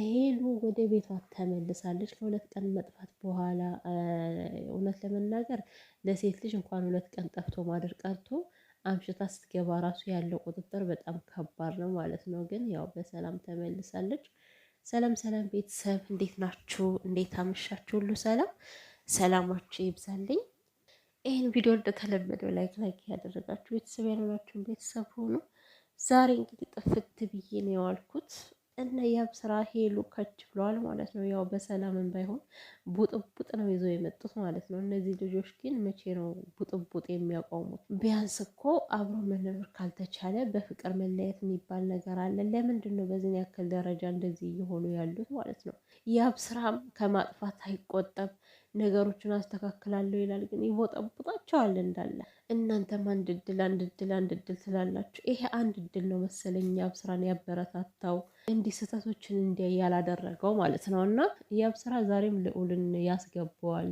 ሄሉ ወደ ቤቷ ተመልሳለች። ከሁለት ቀን መጥፋት በኋላ እውነት ለመናገር ለሴት ልጅ እንኳን ሁለት ቀን ጠፍቶ ማደር ቀርቶ አምሽታ ስትገባ ራሱ ያለው ቁጥጥር በጣም ከባድ ነው ማለት ነው። ግን ያው በሰላም ተመልሳለች። ሰላም ሰላም ቤተሰብ እንዴት ናችሁ? እንዴት አመሻችሁ? ሁሉ ሰላም ሰላማችሁ ይብዛልኝ። ይህን ቪዲዮ እንደተለመደው ላይክ ላይክ ያደረጋችሁ ቤተሰብ ያልሆናችሁ ቤተሰብ ሆኑ። ዛሬ እንግዲህ ጥፍት ብዬ ነው የዋልኩት እና ያብ ስራ ሄሉ ከች ብለዋል ማለት ነው። ያው በሰላምን ባይሆን ቡጥቡጥ ነው ይዘው የመጡት ማለት ነው። እነዚህ ልጆች ግን መቼ ነው ቡጥቡጥ የሚያቆሙት? ቢያንስ እኮ አብሮ መኖር ካልተቻለ በፍቅር መለየት የሚባል ነገር አለ። ለምንድን ነው በዚህን ያክል ደረጃ እንደዚህ እየሆኑ ያሉት ማለት ነው? ያብ ስራም ከማጥፋት አይቆጠብ ነገሮችን አስተካክላለሁ ይላል። ግን ይቦጠቡጣቸዋል እንዳለ። እናንተም አንድ እድል አንድ እድል አንድ እድል ትላላችሁ። ይሄ አንድ እድል ነው መሰለኝ ያብስራን ያበረታታው እንዲህ ስህተቶችን እንዲያይ ያላደረገው ማለት ነው። እና ያብስራ ዛሬም ልዑልን ያስገባዋል።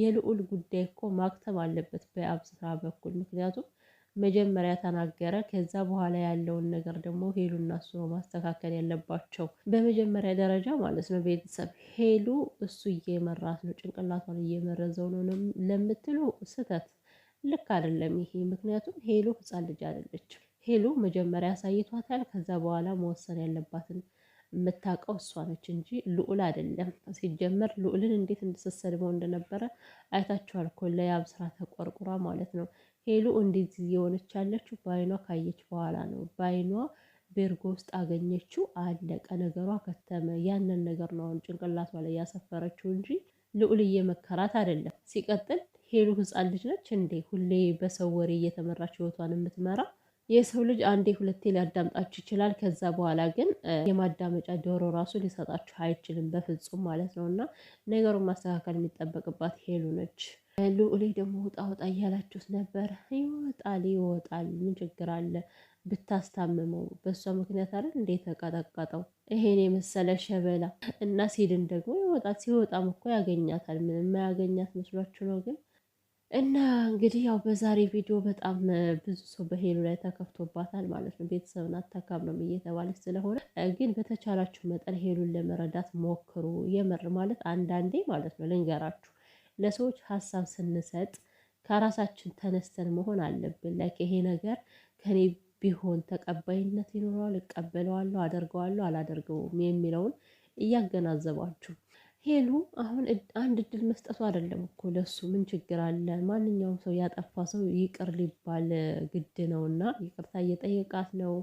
የልዑል ጉዳይ እኮ ማክተም አለበት በአብስራ በኩል ምክንያቱም መጀመሪያ ተናገረ። ከዛ በኋላ ያለውን ነገር ደግሞ ሄሉና እሱ ነው ማስተካከል ያለባቸው። በመጀመሪያ ደረጃ ማለት ነው ቤተሰብ ሄሉ እሱ እየመራት ነው፣ ጭንቅላቷን እየመረዘው ነው ለምትሉ ስህተት ልክ አይደለም ይሄ። ምክንያቱም ሄሉ ህፃን ልጅ አይደለችም። ሄሉ መጀመሪያ አሳይቷታል። ከዛ በኋላ መወሰን ያለባትን የምታውቀው እሷ ነች እንጂ ልዑል አይደለም። ሲጀመር ልዑልን እንዴት እንድትሰድበው እንደነበረ አይታችኋል እኮ ለያብ ስራ ተቆርቁራ ማለት ነው። ሄሉ እንደዚህ የሆነች ያለችው በአይኗ ካየች በኋላ ነው። በአይኗ ቤርጎ ውስጥ አገኘችው፣ አለቀ ነገሯ፣ ከተመ። ያንን ነገር ነው አሁን ጭንቅላቷ ላይ ያሰፈረችው እንጂ ልዑልዬ መከራት አይደለም። ሲቀጥል ሄሉ ህፃን ልጅ ነች እንዴ? ሁሌ በሰው ወሬ እየተመራች ህይወቷን የምትመራ የሰው ልጅ አንዴ ሁለቴ ሊያዳምጣችሁ ይችላል። ከዛ በኋላ ግን የማዳመጫ ጆሮ ራሱ ሊሰጣችሁ አይችልም በፍጹም ማለት ነው። እና ነገሩን ማስተካከል የሚጠበቅባት ሄሉ ነች። ልዑሌ ደግሞ ውጣ ውጣ እያላችሁት ነበር። ይወጣል ይወጣል፣ ምን ችግር አለ? ብታስታምመው በእሷ ምክንያት አይደል እንዴት ተቀጠቀጠው? ይሄን የመሰለ ሸበላ እና ሲድን ደግሞ ይወጣል። ሲወጣም እኮ ያገኛታል። ምንም ማያገኛት መስሏችሁ ነው ግን እና እንግዲህ ያው በዛሬ ቪዲዮ በጣም ብዙ ሰው በሄሉ ላይ ተከፍቶባታል ማለት ነው። ቤተሰብን አታካብለም እየተባለች ስለሆነ ግን በተቻላችሁ መጠን ሄሉን ለመረዳት ሞክሩ። የምር ማለት አንዳንዴ ማለት ነው ልንገራችሁ፣ ለሰዎች ሀሳብ ስንሰጥ ከራሳችን ተነስተን መሆን አለብን። ላይክ ይሄ ነገር ከኔ ቢሆን ተቀባይነት ይኖረዋል፣ እቀበለዋለሁ፣ አደርገዋለሁ፣ አላደርገውም የሚለውን እያገናዘባችሁ ሄሉ አሁን አንድ እድል መስጠቱ አይደለም እኮ ለሱ ምን ችግር አለ? ማንኛውም ሰው ያጠፋ ሰው ይቅር ሊባል ግድ ነው እና ይቅርታ እየጠየቃት ነው።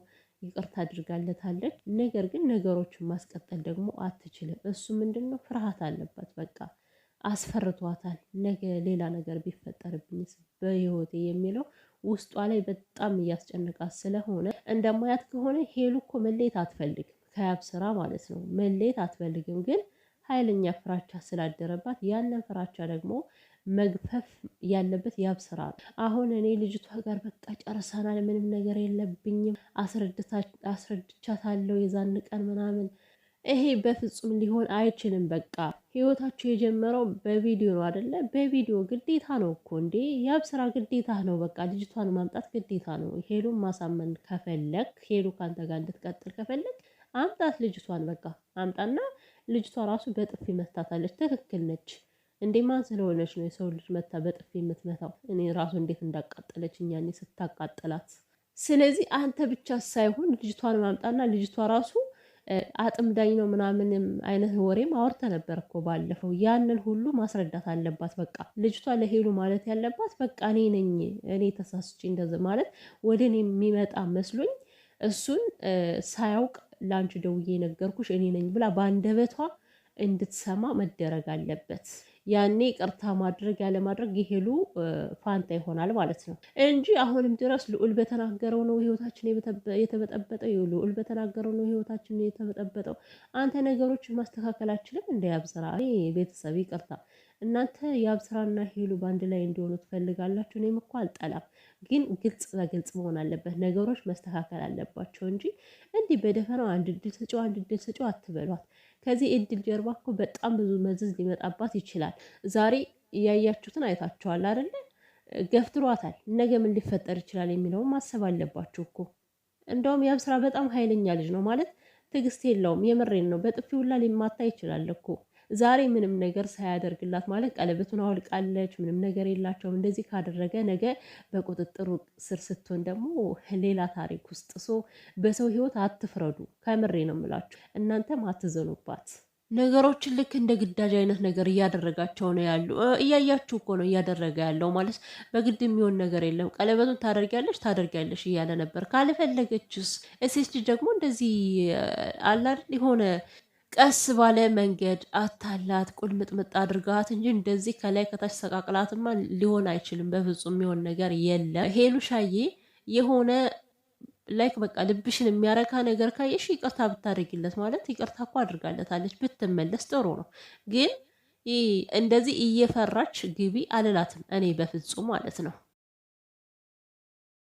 ይቅርታ አድርጋለታለች። ነገር ግን ነገሮችን ማስቀጠል ደግሞ አትችልም። እሱ ምንድን ነው ፍርሃት አለባት። በቃ አስፈርቷታል። ነገ ሌላ ነገር ቢፈጠርብኝስ በህይወቴ የሚለው ውስጧ ላይ በጣም እያስጨነቃት ስለሆነ እንደማያት ከሆነ ሄሉ እኮ መለየት አትፈልግም። ከያብ ስራ ማለት ነው መለየት አትፈልግም ግን ኃይለኛ ፍራቻ ስላደረባት ያንን ፍራቻ ደግሞ መግፈፍ ያለበት ያብስራ ስራ ነው። አሁን እኔ ልጅቷ ጋር በቃ ጨርሰናል፣ ምንም ነገር የለብኝም፣ አስረድቻታለሁ የዛን ቀን ምናምን። ይሄ በፍጹም ሊሆን አይችልም። በቃ ህይወታቸው የጀመረው በቪዲዮ ነው አደለ? በቪዲዮ ግዴታ ነው እኮ እንዴ! ያብ ስራ ግዴታ ነው። በቃ ልጅቷን ማምጣት ግዴታ ነው። ሄሉን ማሳመን ከፈለግ፣ ሄሉ ከአንተ ጋር እንድትቀጥል ከፈለግ አምጣት ልጅቷን። በቃ አምጣና ልጅቷ ራሱ በጥፊ መታታለች። ትክክል ነች እንዴ? ማን ስለሆነች ነው የሰው ልጅ መታ በጥፊ የምትመታው? እኔ ራሱ እንዴት እንዳቃጠለች እኛኔ ስታቃጥላት። ስለዚህ አንተ ብቻ ሳይሆን ልጅቷን ማምጣና ልጅቷ ራሱ አጥምዳኝ ነው ምናምንም አይነት ወሬም አውርተ ነበር እኮ ባለፈው። ያንን ሁሉ ማስረዳት አለባት። በቃ ልጅቷ ለሄሉ ማለት ያለባት በቃ እኔ ነኝ እኔ ተሳስቼ እንደዚ ማለት ወደ እኔ የሚመጣ መስሎኝ እሱን ሳያውቅ ለአንቺ ደውዬ የነገርኩሽ እኔ ነኝ ብላ በአንደበቷ እንድትሰማ መደረግ አለበት። ያኔ ይቅርታ ማድረግ ያለማድረግ የሄሉ ፋንታ ይሆናል ማለት ነው እንጂ አሁንም ድረስ ልዑል በተናገረው ነው ህይወታችን የተበጠበጠው፣ ልዑል በተናገረው ነው ህይወታችን የተበጠበጠው። አንተ ነገሮች ማስተካከል አችልም እንደ ያብስራ ቤተሰብ ይቅርታ። እናንተ የአብስራና ሄሉ በአንድ ላይ እንዲሆኑ ትፈልጋላችሁ። እኔም እኮ አልጠላም፣ ግን ግልጽ በግልጽ መሆን አለበት። ነገሮች መስተካከል አለባቸው እንጂ እንዲህ በደፈናው አንድ ድል ስጪው አንድ ድል ስጪው አትበሏት። ከዚህ እድል ጀርባ እኮ በጣም ብዙ መዘዝ ሊመጣባት ይችላል። ዛሬ እያያችሁትን አይታችኋል አይደለ? ገፍትሯታል። ነገ ምን ሊፈጠር ይችላል የሚለውን ማሰብ አለባችሁ እኮ። እንደውም ያም ስራ በጣም ኃይለኛ ልጅ ነው ማለት ትዕግስት የለውም። የምሬን ነው። በጥፊ ሁላ ሊማታ ይችላል እኮ ዛሬ ምንም ነገር ሳያደርግላት ማለት ቀለበቱን አውልቃለች፣ ምንም ነገር የላቸውም። እንደዚህ ካደረገ ነገ በቁጥጥሩ ስር ስትሆን ደግሞ ሌላ ታሪክ ውስጥ ሶ በሰው ህይወት አትፍረዱ። ከምሬ ነው የምላችሁ። እናንተም አትዘኑባት። ነገሮችን ልክ እንደ ግዳጅ አይነት ነገር እያደረጋቸው ነው ያሉ። እያያችሁ እኮ ነው እያደረገ ያለው ማለት በግድ የሚሆን ነገር የለም። ቀለበቱን ታደርጊያለሽ ታደርጊያለሽ እያለ ነበር። ካልፈለገችስ? እሴት ደግሞ እንደዚህ አላድል የሆነ ቀስ ባለ መንገድ አታላት ቁልምጥምጥ አድርጋት እንጂ እንደዚህ ከላይ ከታች ሰቃቅላትማ ሊሆን አይችልም። በፍጹም የሚሆን ነገር የለም። ሄሉሻዬ የሆነ ላይክ በቃ ልብሽን የሚያረካ ነገር ካየሽ ይቅርታ ብታደርጊለት ማለት ይቅርታ እኮ አድርጋለታለች ብትመለስ ጥሩ ነው። ግን እንደዚህ እየፈራች ግቢ አልላትም እኔ በፍጹም ማለት ነው።